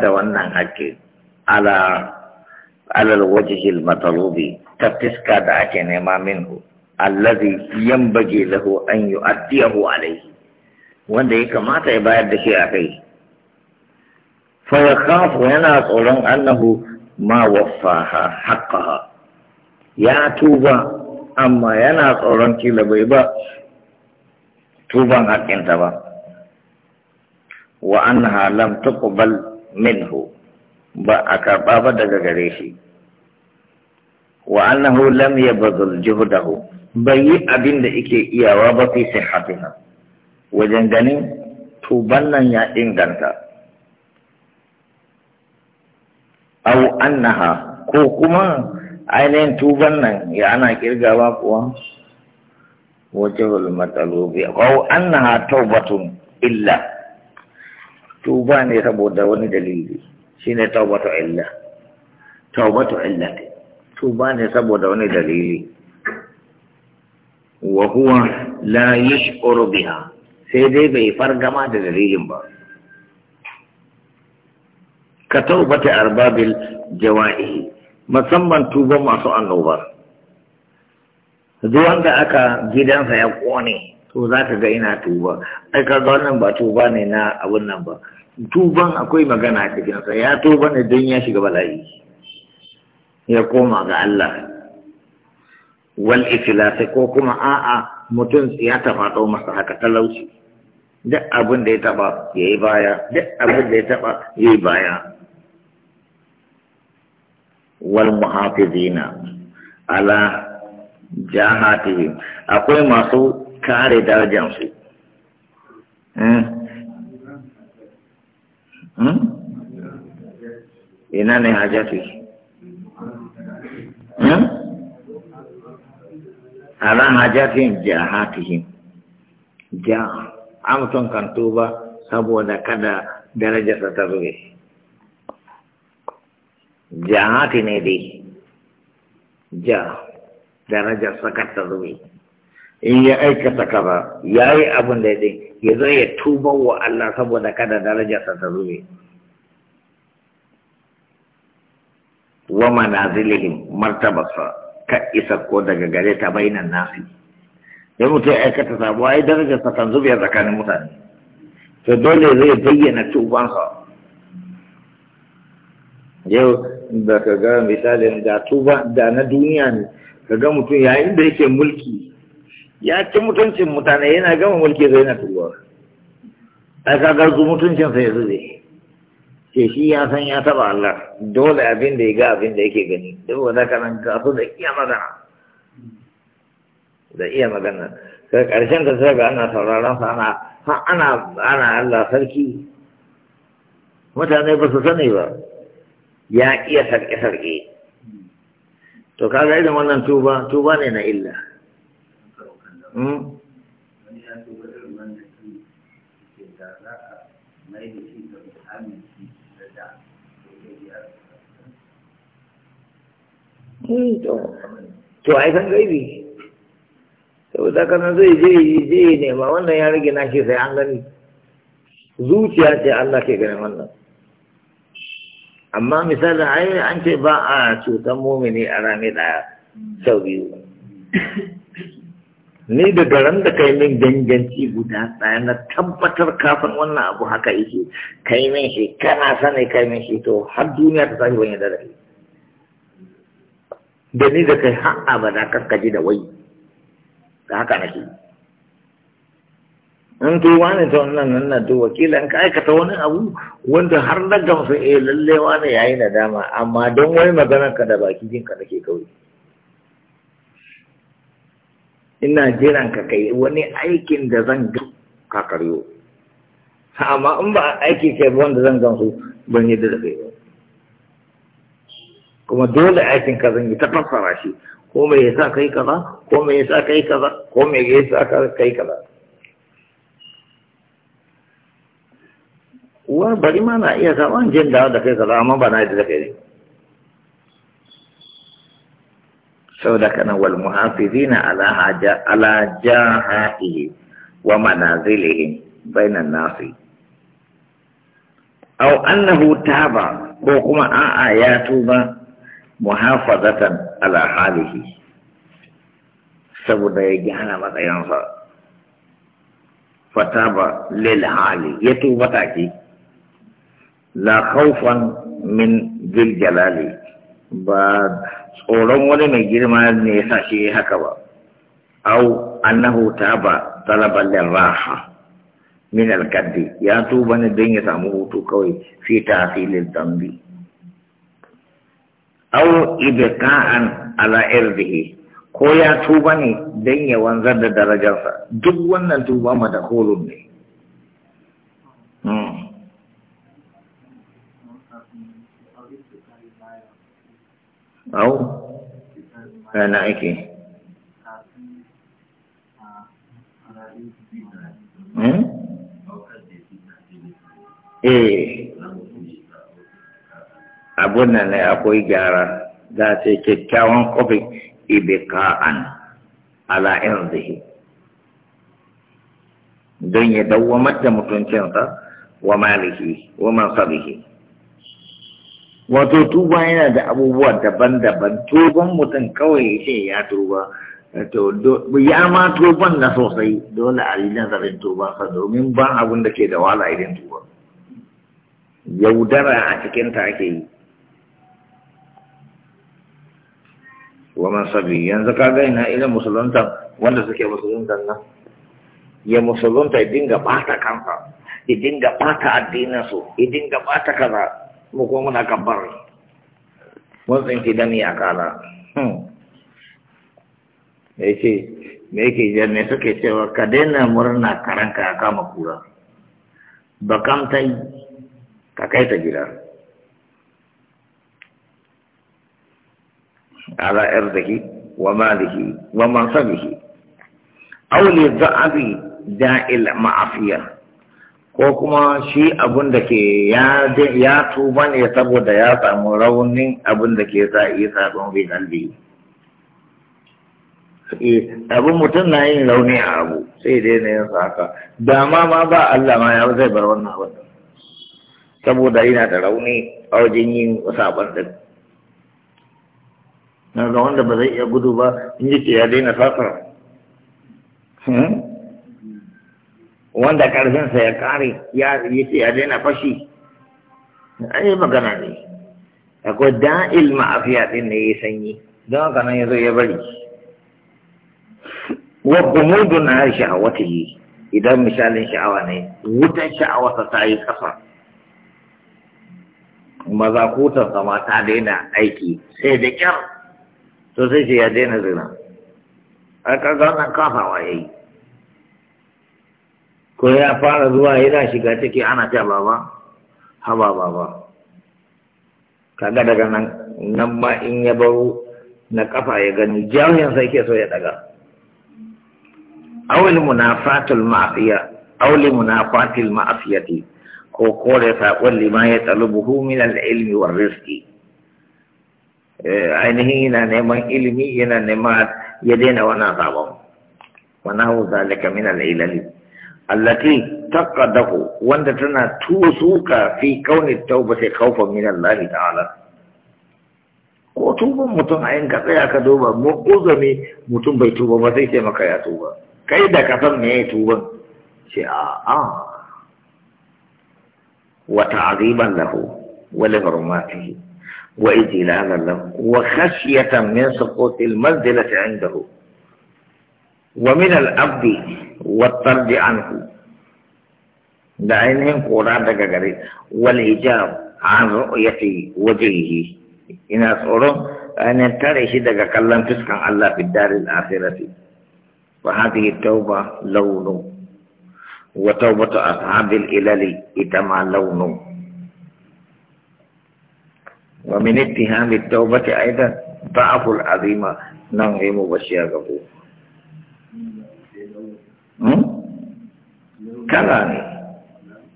da wannan ake ala alal wajhil matalubi ta fiska da ake nema minhu allazi yanbaghi lahu an yu'addiyahu alayhi wanda ya kamata ya bayar da shi a kai fa yakhafu yana tsoron annahu ma waffaha haqqaha ya tuba amma yana tsoron kila bai ba tuban haƙƙinta ba wa annaha lam tuqbal minhu ba a karɓa ba daga gare shi wa annahu lam yabdhul juhdahu bai yi abin da yake iyawa ba fi sihhatiha wajen ganin tuban nan ya inganta au annaha ko kuma ainihin tuban nan ya ana kirgawa kuwa wajen matsalobi au annaha taubatun illa tuba ne saboda wani dalili shine taubatu illa taubatu illa tuba ne saboda wani dalili wa huwa la yashkuru biha sai dai bai fargama da dalilin ba ka taubata arbabil jawa'i musamman tuba masu annobar duk wanda aka gidansa ya kone to za ka ga ina tuba ai ka ga wannan ba tuba ne na abun nan ba tuban akwai magana a cikinsa ya tuba ne don ya shiga bala'i ya koma ga Allah wal ikhlasi ko kuma a'a mutum ya taba dau masa haka talauci duk abin da ya taba yayi baya duk abin da ya taba yayi baya wal muhafizina ala jahatihim akwai masu kare darajansu hmm? Hmm? ina ne hajjafi hmm? a ran hajjafin jahatihim ja Ja, amson kan tuba saboda kada darajarsa ta zuwe jahati ne dai ja darajarsa kar ta in ya aikata kaza ya yi abin da ya ya zo ya tuba wa Allah saboda kada darajarsa ta zube wa manazilihim martabasa ka isa ko daga gare ta bainan nasi dan mutum ya aikata sabo ai ta kan zube tsakanin mutane to dole zai bayyana tubansa yau da ka ga misalin da tuba da na duniya ne ka ga mutum yayin da yake mulki ya ci mutuncin mutane yana gama mulki zai na tuwa a kagar su mutuncin sai zube ce shi ya san ya taba Allah dole abin da ya ga abin da yake gani duk wanda ka nan ka so da iya magana da iya magana sai karshen da sai ga ana sauraron sa ana ana ana Allah sarki mutane ba su sani ba ya iya sarki sarki to kaga idan wannan tuba tuba ne na illa to ai san gaibi saboda kana zai je je nema wannan ya rage nashi sai an gani zuciya ce Allah ke ganin wannan amma misali ai an ce ba a cutar mumini a rami daya sau biyu ni da garan da kai min ganganci guda ɗaya na tabbatar kafin wannan abu haka yake kai min shi kana sani kai min shi to har duniya ta sami wani da rai da ni da kai har abada kaskaji da wai da haka nake in kai wani ta wannan nan na to wakilan ka aikata wani abu wanda har na gamsu eh lalle wani yayi nadama amma don wai maganar ka da baki jin ka nake kawai ina jiran ka kai wani aikin da zan ga ka karyo amma in ba aiki kai wanda zan gansu ban yi da kai ba kuma dole aikin ka zan yi ta fassara shi ko me yasa kai kaza ko me yasa kai kaza ko me yasa kai kaza wa bari ma na iya zaman jin da kai kaza amma ba na yi da kai ne سودك والمحافظين على حاجة على جاهه ومنازله بين الناس أو أنه تاب وكما آياتنا محافظة على حاله saboda ya gyara matsayansa fataba lil hali ya tuba la khawfan min bil jalali tsoron wani mai girma ne ya sa shi haka ba au annahu ba talaban raha min alkaddi ya tuba ne don ya samu hutu kawai fi tasirin zambi. au ka'an ala irdihi ko ya tuba ne don ya wanzar da darajarsa duk wannan tuba ma da kolon ne hmm. au na ake eh abu nan ne akwai gyara za ta kyakkyawan kofi ibika'an ala irzihi don ya dawwamar da mutuncinsa wa malihi wa mansabihi wato tuba yana da abubuwa daban-daban tuban mutum kawai ya ce ya tuba to ya ma tuban na sosai dole a yi zarin tuba sa domin ban abin da ke da wala irin tuba yaudara a cikin ta ake yi wa man sabi yanzu ka ga ina irin musulunta wanda suke musulunta nan ya musulunta ya dinga bata kansa ya dinga bata addinansu, ya dinga bata kaza mu ko muna kabbar mun tsinki dami a kala ya hmm. ce me yake jar ne suke cewa ka daina murna karanka ya kama kura bakan ta yi ka kai ta gida ala arziki wa malihi wa mansabihi aw li da'abi da'il ma'afiya ko kuma shi abin da ke ya tuba ne saboda ya samu raunin abin da ke sa iya saɓon rinaldi eh, abin mutum na yin rauni a abu sai dai na yin haka dama ma ba Allah ma ya zai bar wannan abin saboda yana da rauni a wajen yin sabon din na ga wanda ba zai iya gudu ba in ji ya daina safar hmm? wanda ƙarfinsa ya ƙare ya ce ya daina fashi an yi magana ne akwai da'il ma'afiya ɗin ne ya sanyi don haka nan ya zo ya bari wadda mudun na sha'awa ta yi idan misalin sha'awa ne wutan sha'awarsa ta yi ƙasa mazakutarsa ma ta daina aiki sai da ƙyar to sai ya daina zina a ƙarƙar nan kafawa ya yi ko ya fara zuwa yana shiga take ana ta baba haba baba kaga daga nan nan ma in ya baro na kafa ya gani jahiyan sai ke so ya daga awil munafatul ma'asiya awil munafatil ma'siyati ko kore saƙon lima ya talubuhu min al-ilmi war rizqi eh, Ainihi na neman ilimi yana neman ya daina wannan sabon wa hu zalika min al-ilali التي تقده وانت تنا توسوك في كون التوبة خوفا من الله تعالى وتوبة متن عين كتايا كدوبة مقوزمي متن بيتوبة مكايا توبة كيدا كفن توبة شيء آه وتعظيما له ولغرماته وإذلالا له وخشية من سقوط المنزلة عنده ومن الأبد والطرد عنه لعينهم قرآن دقاري والإجاب عن رؤية وجهه إن أسعرهم أن ينتري شدك كلم تسكن الله في الدار الآخرة فهذه التوبة لون وتوبة أصحاب الإلال إتما لون ومن اتهام التوبة أيضا ضعف العظيمة نعم بشياغه Hmm? kala ne